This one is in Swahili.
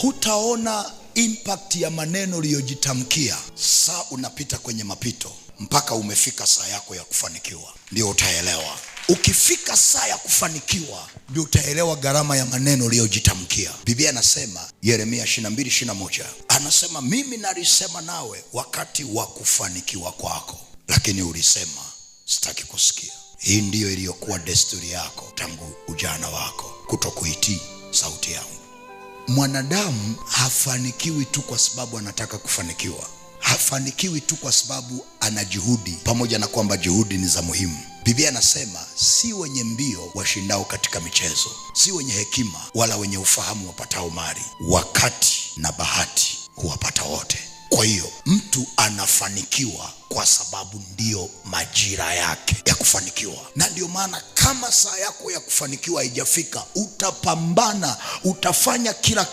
hutaona impact ya maneno uliyojitamkia saa unapita kwenye mapito mpaka umefika saa yako ya kufanikiwa, ndio utaelewa. Ukifika saa ya kufanikiwa, ndio utaelewa gharama ya maneno uliyojitamkia. Biblia anasema Yeremia 22:21 anasema, mimi nalisema nawe wakati wa kufanikiwa kwako, lakini ulisema sitaki kusikia. Hii ndiyo iliyokuwa desturi yako tangu ujana wako, kutokuitii mwanadamu hafanikiwi tu kwa sababu anataka kufanikiwa, hafanikiwi tu kwa sababu ana juhudi, pamoja na kwamba juhudi ni za muhimu. Biblia anasema si wenye mbio washindao katika michezo, si wenye hekima wala wenye ufahamu wapatao mali, wakati na bahati huwapata wote. Kwa hiyo mtu anafanikiwa kwa sababu ndiyo majira yake ya kufanikiwa. Na ndio maana kama saa yako ya kufanikiwa haijafika, utapambana, utafanya kila